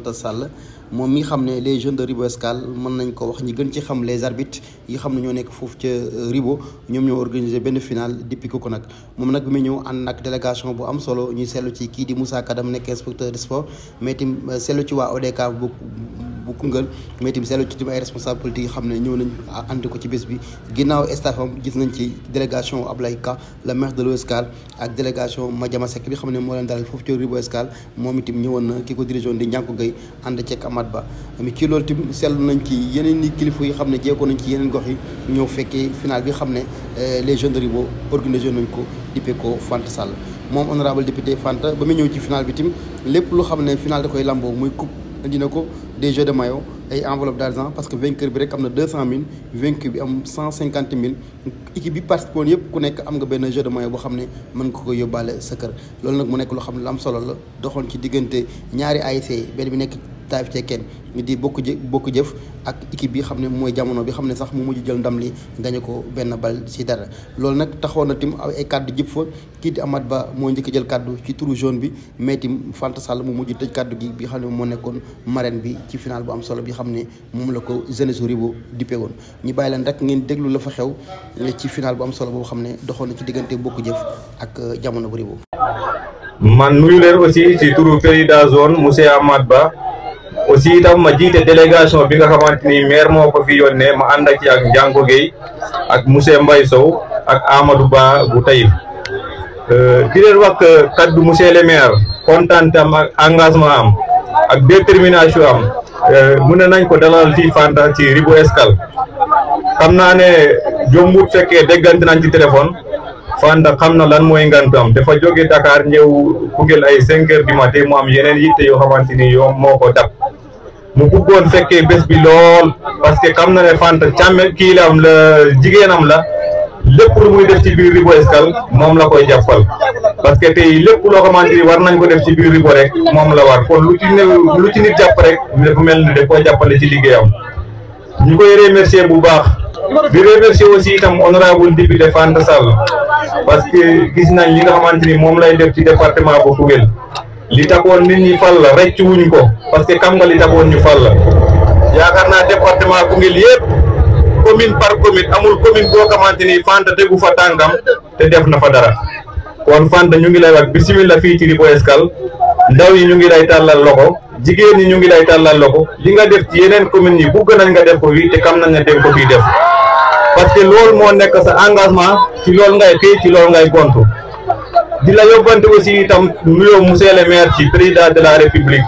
Anta Sall moom mi xam ne les jeunes de Ribo Escale mën nañ ko wax ñi gën ci xam les arbitres yi xam ñoo nekk foofu ca euh, Ribo ñoom ñoo benn final depuis ko nag moom nag mu ñëw ànd nag délégation bu am solo ñuy seetlu ci kii di Moussa Kadam nekk inspecteur de sport mais itam euh, seetlu ci waa ODCAV bu bu Koungheul mais itam seetlu ci ay responsable politique yi xam ne ñëw nañ ànd ko ci bés bi ginnaaw staffam gis nañ ci délégation Ablaye Ka le maire de l'Escale ak délégation Madiama Seck bi xam ne moo leen dalal foofu ca Ribo Escale moom itam ñëwoon na ki ko dirigeoon di Ndiankou Gueye ànd ceeg Amath Ba mi ci loolu tamit seetlu nañ ci yeneen kilifa yi xam ne jéego nañ ci yeneen gox yi ñëw fekkee final bi xam ne euh, les jeunes de Ribot organisé nañ ko dippe ko Fanta Sall moom honorable député Fanta ba mu ñëw ci final bi tamit lépp lu xam ne final da koy lamboo muy coupe indi na ko des jeux de maillot ay enveloppe d'argent parce que vainqueur bi rek am na deux cent mille vaincu bi am cent cinquante mille équipe bi participé ku nekk am nga benn jeu de maillot boo xam ne mën ko yóbbaale sa loolu nag mu nekk loo xam ne lu solo la doxoon ci diggante ñaari ASC e, benn bi nekk Taïf Cekkeen ñu di bokk jë bokk jëf ak équipe bi xam ne mooy jamono bi xam ne sax mu mujj jël ndam li gañe ko benn bal si dara loolu nag taxoon na tim ay kàddu jëpp fa kii di Amath Ba moo njëkk jël kàddu ci turu jaune bi mais tim Fanta Sall mu mujj tëj kàddu gi bi xam ne moo nekkoon marraine bi ci final solo bi xam ne moom la ko jeunesse Ribo dippe woon ñu bàyyi leen rek ngeen déglu la fa xew ci final bu am solo boo xam ne doxoon na ci diggante bokk jëf ak euh, jamono bu Ribo man nuyu leen aussi ci turu président zone monsieur Amath Ba aussi itam ma jiite délégation bi nga xamante ni maire moo ko fi yónnee ma ànd ak ci ak Ndiango Gueye ak monsieur Mbaye Sow ak Amadou Ba bu Taïf euh, di leen wax kaddu monsieur le maire kontaan engagement am ak détermination am euh, mën nañ ko dalal fii Fanta ci Ribot Escale xam naa ne jombut fekkee déggante nañ ci téléphone Fanta xam na lan mooy ngantu am dafa jóge Dakar ñëw Koungheul ay cinq heures du matin am yeneen yitte yoo xamante ni yoo moo ko dab mu bëggoon fekkee bés bi lool parce que xam na ne Fanta càmme kii la am jigéenam la lépp lu muy def ci biir Ribot Escale moom la koy jàppal parce que tey lépp loo xamante ni war nañ ko def ci biir Ribot rek moom la war kon lu ci ne lu ci nit jàpp rek dafa mel ni daf koy jàppale ci liggéeyam ñu koy remercier bu baax di remercier aussi itam honorable député Fanta Sall parce que gis nañ li nga xamante ni moom lay def ci département bu Koungheul li taxoon nit ñi fal la rëcc wuñ ko parce que xam nga li taxoon ñu fal la yaakaar naa département Koungheul yëpp commune par commune amul commune boo xamante ni Fanta tegu fa tàngam te def na fa dara kon Fanta ñu ngi lay wax bisimilah fii ci Rufisque Escale ndaw yi ñu ngi lay tàllal loxo jigéen ñi ñu ngi lay tàllal loxo li nga def ci yeneen communes yi bugg nañ nga def ko fii te xam nañ ne dem ko fii def parce que loolu moo nekk sa engagement ci loolu ngay ci loolu ngay gontu. di la yóbbante aussi itam nuyoo monsieur le maire ci président de la république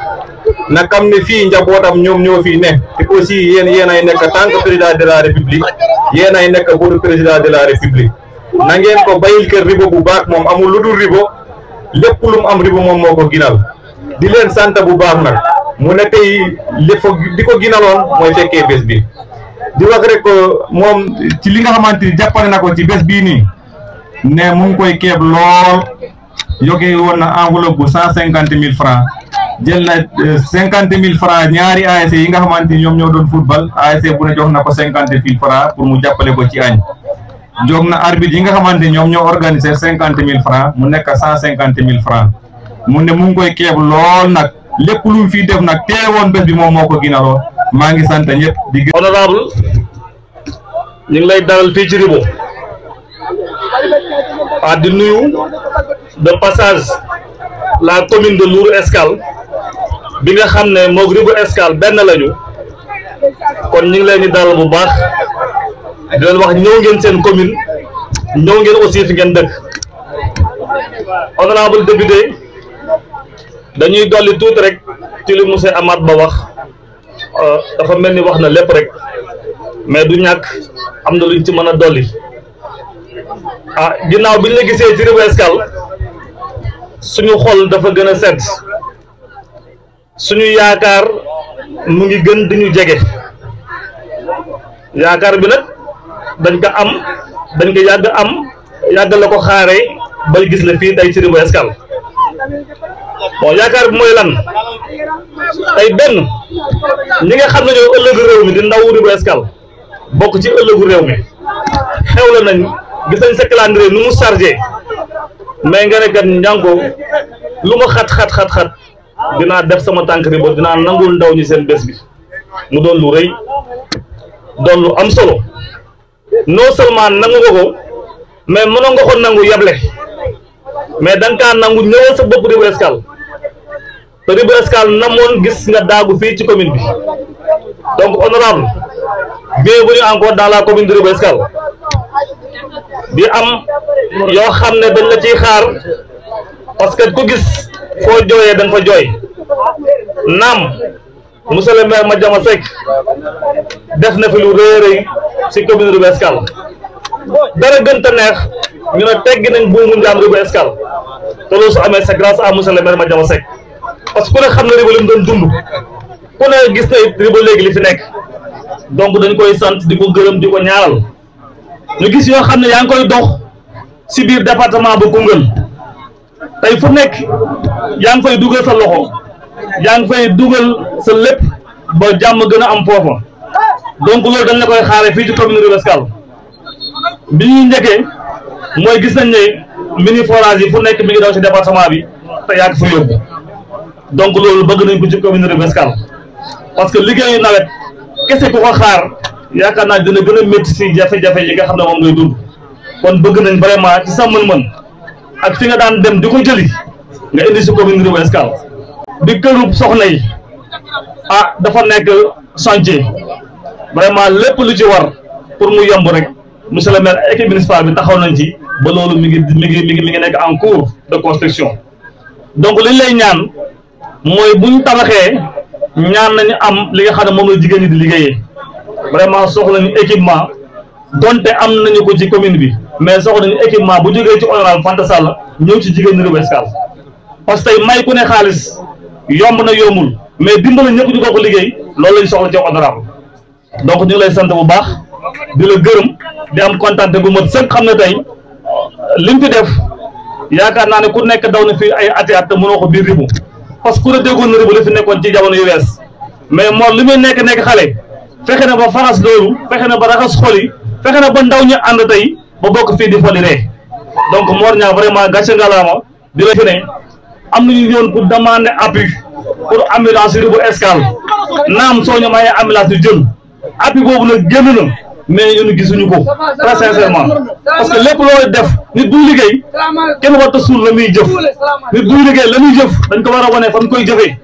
na xam ne fii njabootam ñoom ñoo fii ne te aussi yéen yéen ay nekk tant président de la république yen ay nekk budu président de la république na ngeen ko bayil kër ribo bu baax moom amul lu dul ribo lépp am ribo moom moo ko ginal di leen sant bu baax nag mu ne tey li fa di ko ginaloon mooy fekkee bés bi di wax rek moom ci li nga xamante ni jàppale na ko ci bés bii nii ne mu ngi koy keeb lool yokkee woon na enveloppe bu cent cinquante mille francs jël na euh, cinquante mille francs ñaari ASC yi nga xamante ni ñoom ñoo doon football ASC bu ne jox na ko cinquante mille francs pour mu jàppale ko ci añ jox na arbitre yi nga xamante ni ñoom ñoo organiser cinquante mille francs mu nekk cent cinquante mille francs mu ne mu ngi koy keeb lool nag lépp lu mu fii def nag teewoon bés bi moom moo ko ginaroo maa ngi sant ñëpp di honorable lay dalal fii ci Ribo ah di nuyu de passage la commune de Lour Escale bi nga xam ne moog Ribu Escale benn lañu kon ñu ngi leen di dalal bu baax di leen wax ñëw ngeen seen commune ñëw ngeen aussi fi ngeen dëkk honorable député dañuy dolli tuuti rek ci li monsieur Amath Ba wax euh, dafa mel ni wax na lépp rek mais du ñàkk am na ñu ci mën a dolli. ah ginnaaw bi ñu la gisee ci Rufisque Escale suñu xol dafa gën a set suñu yaakaar mu ngi gën di ñu jege yaakaar bi nag dañ ko am dañ ko yàgg am yàgg la ko xaare ba gis la fii tey ci Rufisque Escale bon yaakaar bi mooy lan tey benn ñi nga xam ne ñoo ëllëgu réew mi di ndaw Rufisque Escale bokk ci ëllëgu réew mi xew la nañ gis nañ sa calendrier nu mu chargé mais nga ne kat njàngoo lu ma xat xat xat dinaa def sama tànk riba dinaa nangul ndaw ñu seen bés bi mu doon lu rëy doon lu am solo non seulement nangu nga ko mais mënoon nga ko nangu yable mais da kaa nangu ñëwal sa bopp Ribot Escale te Ribot Escale namoon gis nga daagu fii ci commune bi donc honorable bienvenue encore dans la commune de Ribot Escale bi am yoo xam ne dañ la ciy xaar parce que ku gis foo jooyee da nga fa jooy naam monsieur ma maire Madiama Seck def na fi lu rëy rëy ci commune Rufisque Escale dara gën te neex ñu ne tegg nañ buumu njaam Rufisque Escale te loolu su amee c'est grâce à monsieur le maire Madiama ku ne xam ne Rufisque li mu doon dund ku ne gis na it léegi li fi nekk donc dañ koy sant di ko gërëm di ko ñaaral ñu gis yoo xam ne yaa ngi koy dox si biir département bu Koungheul tey fu nekk yaa ngi fay dugal sa loxo yaa ngi fay dugal sa lépp ba jàmm gën a am foofa donc loolu dañ la koy xaare fii ci commune Rufisque Escale bi ñuy njëkkee mooy gis nañ ne mini forage yi fu nekk mi ngi daw si département bi te yaa ngi fa yóbbu donc loolu bëgg nañ ko ci commune Rufisque Escale parce que liggéeyu nawet kese ko xaar yaakaar naa dina gëna a métti si jafe-jafe yi nga xam ne moom ngay dund kon bëgg nañ vraiment ci sa mën-mën ak fi nga daan dem di ko jëli nga indi si commune Rufisque Escale di këru soxna yi ah dafa nekk chantier vraiment lépp lu ci war pour mu yomb rek monsieur le maire équipe bi taxaw nañ ci ba loolu mi ngi mi ngi mi ngi nekk en cours de construction donc liñ lay ñaan mooy buñ tabaxee ñaan nañu am li nga xam ne moom la jigéen ñi di liggéeyee vraiment soxla ni équipement donte am nañu ko ci commune bi mais soxla ni équipement bu jógee ci honorable Fanta Sall ñëw ci jigéen ñi Rufisque Escale parce que tey may ku ne xaalis yomb na yombul mais dimbali ñëpp ñu ko ko liggéey loolu lañ soxla ci honorable donc ñu lay sant bu baax di la gërëm di am kontaan bu mat sëkk xam ne tey li mu fi def yaakaar naa ne ku nekk daw na fii ay ati at te mënoo ko biir ribu parce ku la déggoon na ribu la fi nekkoon ci jamono yu wees mais moom li muy nekk nekk xale fexe na ba faxas loolu fexe na ba raxas xol fexe na ba ndaw ñu ànd tey ba bokk fii di foli ree donc Mor Niang vraiment gàcce ngalaama di la fi ne am nañu yoon pour demander appui pour ambulance yi bu escale naam soo ñu mayee ambulance ñu jël appui boobu nag génn na mais ñun gisuñu ko très sincèrement parce que lépp looy def nit buy liggéey kenn warta suul la muy jëf nit buy liggéey la muy jëf dañ ko war a wane fan koy jëfee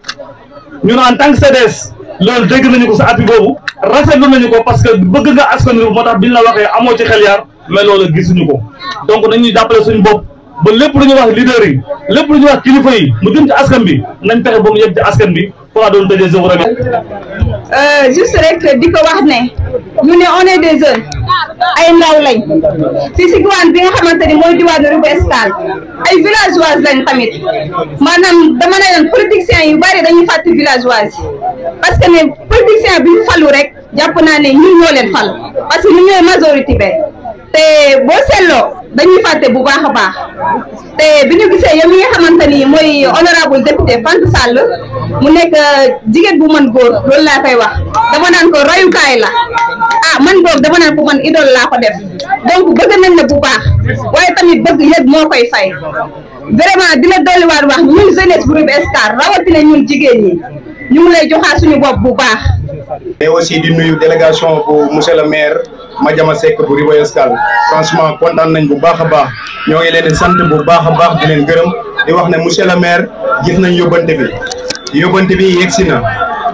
ñu en tant que CDS loolu dégg nañu ko sa appui boobu rafetlu nañu ko parce que bëgg nga askan wi moo tax biñ la waxee amoo ci xel yaar mais loolu gisuñu ko donc nañuy jàppale suñu bopp ba lépp lu ñuy wax leader yi lépp lu ñuy wax kilifa yi mu jëm ci askan bi nañ fexe ba mu yegg ci askan bi foo doon tëjee je vous remercie Euh, juste rek di ko wax ne mu ne on est des jeunes ay ndaw lañ si si diwaan bi nga xamante ni mooy diwaanu Rufisque Escale ay villageois lañ tamit maanaam dama ne leen politiciens yu bari dañuy fàtte villageois yi parce que ne politicien bi falu rek jàpp naa ne ñun ñoo leen fal parce que ñooy majorité be te boo seetloo dañuy fàtte bu baax a baax te bi ñu gisee yow mi nga xamante ni mooy honorable député Fanta Sall mu nekk euh, jigéen bu man góor loolu laa koy wax dama naan ko royukaay la ah man boog dama naan ko man idole laa ko def donc bëgg nañ na bu baax waaye tamit bëgg yëg moo koy fay vraiment dina dolliwaat wax ñun jeunesse bu Rufisque Escale rawatina ñun jigéen ñi ñu ngi lay joxaat suñu bopp bu baax. mais aussi di nuyu délégation bu monsieur le maire. Madiama Seck bu Rivo Escale franchement kontaan nañ bu baax a baax ñoo ngi leen di sant bu baax a baax di leen gërëm di wax ne monsieur le maire gis nañ yóbbante bi yóbbante bi yegsi na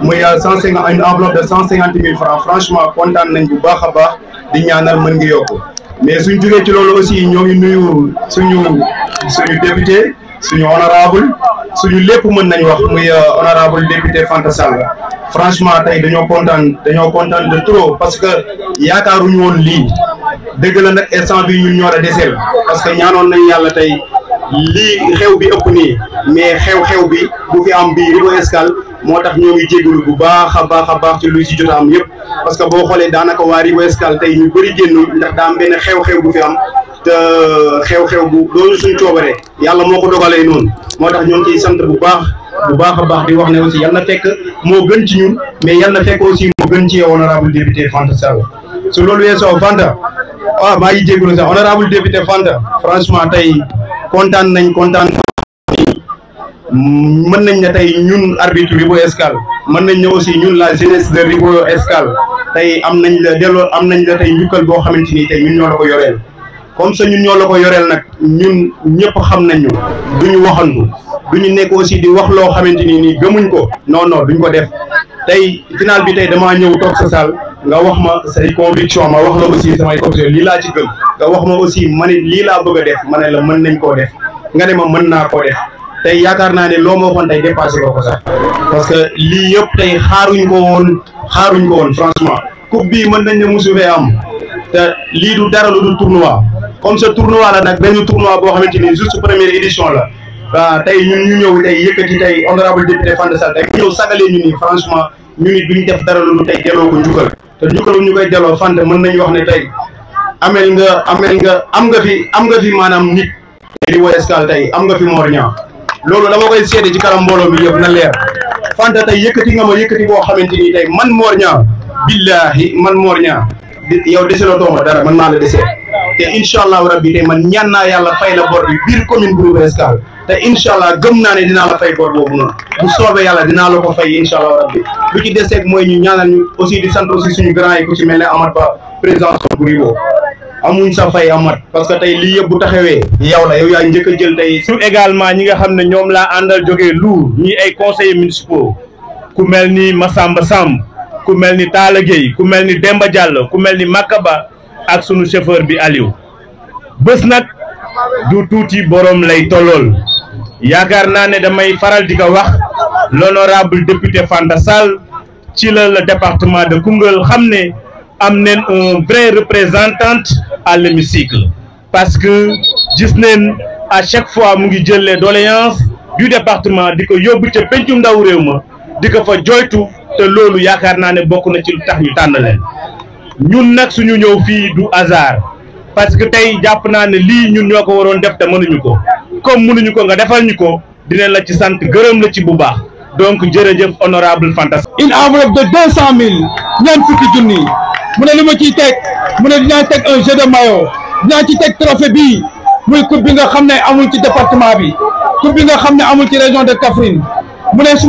muy euh, cent cinquante une cent cinquante mille francs franchement kontaan nañ bu baax a baax di ñaanal mën ngi yokku mais suñ jógee ci loolu aussi ñoo ngi nuyu suñu suñu député suñu honorable suñu lépp mën nañu wax muy euh, honorable député Fanta Sall franchement tey dañoo kontaan dañoo kontaan de trop parce que yaakaaruñu woon lii dëgg la nag instant bi ñun ñoo a deseel parce que ñaanoon nañ yàlla tey lii xew bi ëpp nii mais xew-xew bi bu fi am bi Rufisque Escale moo tax ñoo ngi jégalu bu baax a baax a baax ci lu ci jot am yëpp parce que boo xoolee daanaka waa Rufisque Escale tey ñu bëri génn ndax daa benn xew-xew bu fi am te xew-xew bu loolu suñ coobaree yàlla moo ko dogalee noonu moo tax ñoo ngi ciy sant bu baax bu baax a baax di wax ne aussi yal na fekk moo gën ci ñun mais yal na fekk aussi moo gën ci honorable député Fanta Sall su loolu weesoo Fanta ah maa ngi jégalu sax honorable député Fanta franchement tey kontaan nañ kontaan mën nañ ne tey ñun arbitre Ribot Escale mën nañ ne aussi ñun la jeunesse de Ribot Escale tey am nañ la delloo am nañ la tey njukkal boo xamante ni tey ñun ñoo la ko yoreel comme ça ñun ñoo la ko yoreel nag ñun ñëpp xam nañu du ñu waxantu du ñu nekk aussi di wax loo xamante ni nii gëmuñ ko non non duñ ko def tey final bi tey damaa ñëw toog sa saal nga wax ma say conviction ma wax la aussi samay conviction lii laa ci gëm nga wax ma aussi ma lii laa bëgg a def ma ne la mën nañ koo def nga ne ma mën naa koo def tey yaakaar naa ne loo ma waxoon tey dépassé ko ko sax parce que lii yëpp tey xaaruñ ko woon xaaruñ ko woon franchement coupe bii mën nañ ne musu am te lii du dara lu dul tournoi comme ce tournoi la nag benn tournoi boo xamante ni juste première édition la waaw tey ñun ñu ñëw tey yëkkati tey honorable député Fanta Sall tey ñëw sagalee ñu nii franchement ñu nit duñ def dara lu dul tey delloo ko njukkal te njukkal ñu koy delloo Fanta mën nañu wax ne tey amel nga amel nga am nga fi am nga fi maanaam nit di woy Escale tey am nga fi Mor Niang loolu dama koy seede ci kanam mbooloo mi yëpp na leer Fanta tey yëkkati nga ma yëkkati boo xamante ni tey man Mor Niang billahi man Mor Niang yow deseloo tooma dara man maa la desee te incha allahu rabbi te man ñaan naa yàlla fay la bor bi biir commune bu Louga Escale te incha gëm naa ne dinaa la fay bor boobu noonu bu soobee yàlla dinaa la ko fay incha allahu rabbi lu ci deseeg mooy ñu ñaanal ñu aussi di sant aussi suñu grand yi ku ci mel ne Amath Ba président Somburibo amuñ sa fay amat parce que tey lii yëpp bu taxawee yow la yow yaa njëkk a jël tey. su également ñi nga xam ne ñoom laa àndal jógee Lour ñi ay conseillers municipaux ku mel ku mel ni Talla Gueye ku mel ni Demba Diallo ku mel ni Makaba ak sunu chauffeur bi Aliou bés nag du tuuti borom lay tollool yaakaar naa ne damay faral di ko wax l'honorable député Fanta Sall ci la le département de Koungheul xam ne am neen un vrai représentante à l'hémicycle parce que gis neen à chaque fois mu ngi jël les doléances du département di ko yóbbu ca pencum ndaw réew ma di ko fa joytu te loolu yaakaar naa ne bokk na ci lu tax ñu tànn ñun nag suñu ñëw fii du hasard parce que tey jàpp naa ne lii ñun ñoo ko waroon def te mënuñu ko comme mënuñu ko nga defal ñu ko dinañ la ci sant gërëm la ci bu baax donc jërëjëf honorable Fanta Sall une enveloppe de deux cent mille ñeent fukki junni mu ne li ma ciy teg mu ne dinaa teg un jeu de maillot dinaa ci teg trophée bii muy coupe bi nga xam ne amul ci département bi coupe bi nga xam ne amul ci région de Kaffrine mu ne su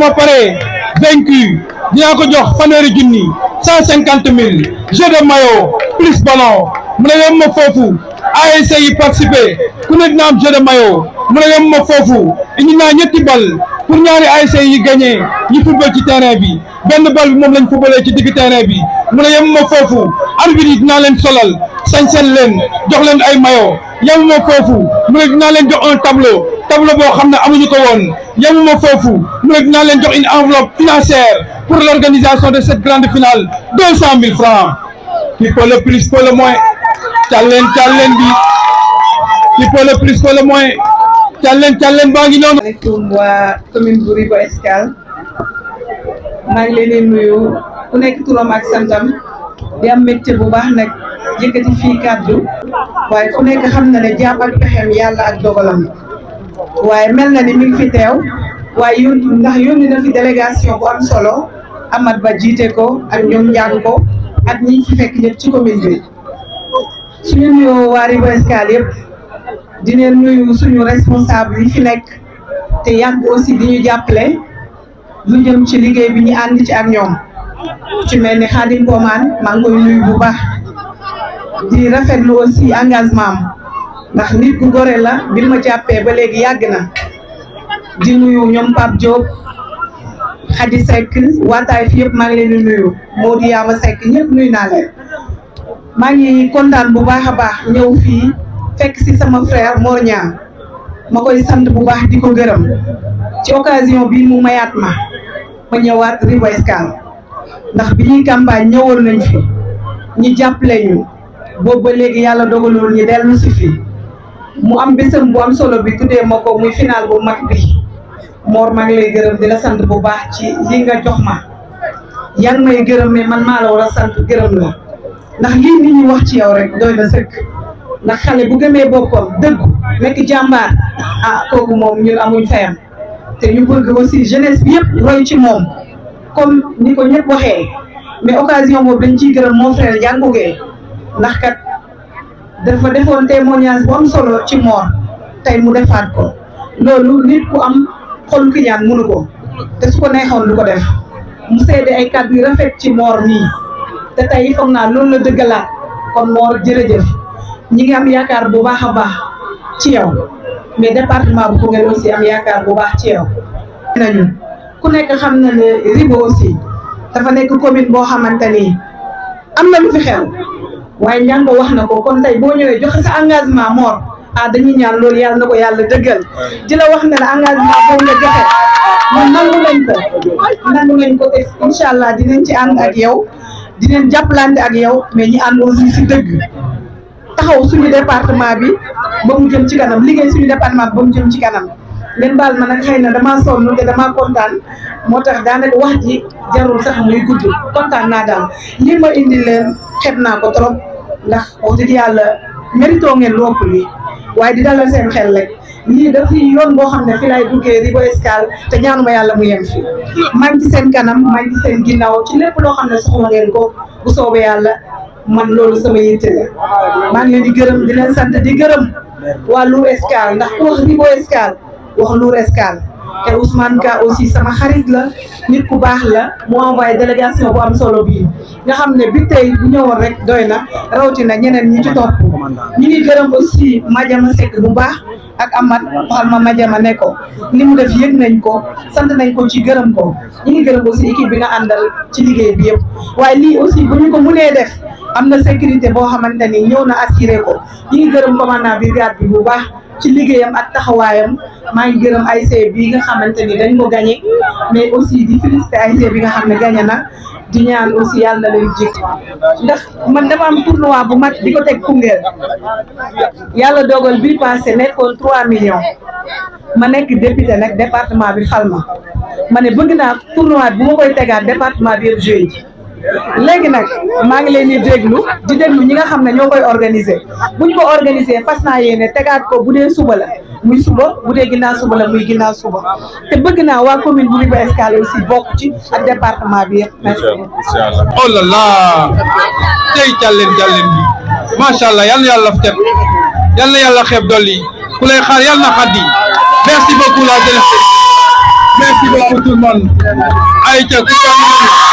dinaa ko jox fanweeri junni cent cinquante mille jeu de maillot plus ballon mu ne yem ma foofu ASC yi participer ku ne dina am jeu de maillot mu ne yem ma foofu indi naa ñetti bal pour ñaari ASC yi gagné ñi football ci terrain bi benn bal bi moom lañ footballee ci digg terrain bi mu ne yem ma foofu arbitre yi dinaa leen solal sañ sañsel leen jox leen ay mayo yem ma foofu mu ne dinaa leen jox un tableau tableau boo xam ne amuñu ko woon yemuma foofu mu ne dinaa leen jox une enveloppe financière pour l'organisation de cette grande finale deux cent mille francs qui peut le plus peut le moins càlleen càlleen bi qui peut le plus peut le moins càlleen càlleen baa ngi noonu aleykum waa commune o Ribot Escale maa ngi leen di nuyu ku nekk turam ak santam di am métier bu baax nag yëkkati fii kàddu waaye ku nekk xam na ne jàpp ak pexeem yàlla ak dogalam waaye mel na ni mi fi teew waaye yón ndax yónni na fi délégation bu am solo Amad Ba jiite ko ak ñoom njàng ko at ñi ci fekk ñëpp ci commune bi suñu nuyoo waa Rivers Escale yëpp di leen suñu responsable yi fi nekk te yàgg aussi di ñu jàppale lu jëm ci liggéey bi ñu ànd ci ak ñoom ci mel ni Khadim Boman man ngi koy nuyu bu baax di rafetlu aussi engagement ndax nit ku gore la bi ma jàppee ba léegi yàgg na di nuyu ñoom Pape Diop Khady Seck waataay fi yëpp maa ngi leen di nuyu Modou Yama Seck ñëpp naa leen maa ngi kontaan bu baax a baax ñëw fii fekk si sama frère Mor Niang ma koy sant bu baax di ko gërëm ci occasion bi mu mayaat ma ma ñëwaat Rivo Escale ndax bi ñuy campagne ñëwoon nañ fi ñu jàppale ñu boobu ba léegi yàlla dogalul ñu dellu si fii mu am bésam bu am solo bi tuddee ma ko muy final bu mag bi Mor maa ngi lay gërëm di la sant bu baax ci yi nga jox ma yaa ngi may gërëm mais man maa la war sant gërëm la ndax lii nit ñi wax ci yow rek doy na sëkk ndax xale bu gëmee boppam dëggu nekk jàmbaar a ah kooku moom ñun amuñ fayam te ñu bëgg aussi jeunesse bi yëpp roy ci moom comme ni ko ñëpp waxee mais occasion boobu dañ ciy gërëm mon frère jàngugee ndax kat dafa defoon témoignage boo am solo ci moor tey mu defaat ko loolu nit ku am xol ki ñaan mënu ko te su ko neexoon du ko def mu seede ay kàddu yu rafet ci moor mii te tey foog naa loolu la dëggalaat kon moor jërëjëf ñi ngi am yaakaar bu baax a baax ci yow mais département bu Koungheul aussi am yaakaar bu baax ci yow nañu ku nekk xam na ne Ribo aussi dafa nekk commune boo xamante ni am na lu fi xew waaye njàng wax na ko kon tey boo ñëwee joxe sa engagement Mor ah dañuy ñaan loolu yàlla na ko yàlla dëggal di la wax ne la engagement boobu nga joxe man nangu nañ ko nangu nañ ko te incha allah dinañ ci ànd ak yow dinañ jàppalante ak yow mais ñi ànd aussi si dëgg taxaw suñu département bi ba mu jëm ci kanam liggéey suñu département bi ba mu jëm ci kanam ngeen baal ma a xëy na damaa sonn te damaa kontaan moo tax daanaka wax ji jarul sax muy gudd kontaan naa daal lii ma indi leen xet naa ko trop ndax wax yàlla mérito ngeen lu ëpp lii waaye di xel rek lii daf yoon boo xam ne fi laay duggee Rivo Escale te ñaanuma yàlla mu yem maa ngi ci kanam maa ngi seen ginnaaw ci lépp loo xam ne ngeen ko bu soobee yàlla man loolu sama yitte maa ngi leen di gërëm di leen sant di gërëm wàllu Escale ndax ku wax Rivo Escale wax Lour Escale te Ousmane Ka aussi sama xarit la nit ku baax la mu envoyé délégation bu am solo bii nga xam ne bi tey bu ñëwoon rek doy na na ñeneen ñi ci topp ñu ngi gërëm aussi Madiama Seck bu baax ak Amath waxal ma ne ko li mu def yëg nañ ko sant nañ ko ci gërëm ko ñu gërëm aussi équipe bi nga àndal ci liggéey bi yëpp waaye lii aussi bu ñu ko mënee def am na sécurité boo xamante ni ñëw na assuré ko ñu ngi gërëm commandant brigade bi bu baax ci liggéeyam ak taxawaayam maa ngi gërëm ASC bi nga xamante ni dañ moo gagné mais aussi di félicité ASC bi nga xam ne gagné na di ñaan aussi yàlla na leen jik ndax man dama am tournoi bu mag di ko teg Koungheul yàlla dogal bii passé nekkoon 3 millions ma nekk député nag département bi xal ma ne bëgg naa tournoi bu ma koy tegaat département bi yëpp joué ji léegi nag maa ngi leen di déglu di déglu ñi nga xam ne ñoo koy organiser buñ ko organiser fas naa yéene tegaat ko bu dee suba la muy suba bu dee ginnaaw suba la muy ginnaaw suba te bëgg naa waa commune bu Rufisque Escale aussi bokk ci ak département bi yëpp merci. incha allah oh là là tey jàlleen jàlleen bi macha allah yal na yàlla def teb yal na yàlla xeeb dolli ku lay xaar yal na xaddi merci beaucoup la jeunesse merci beaucoup tout le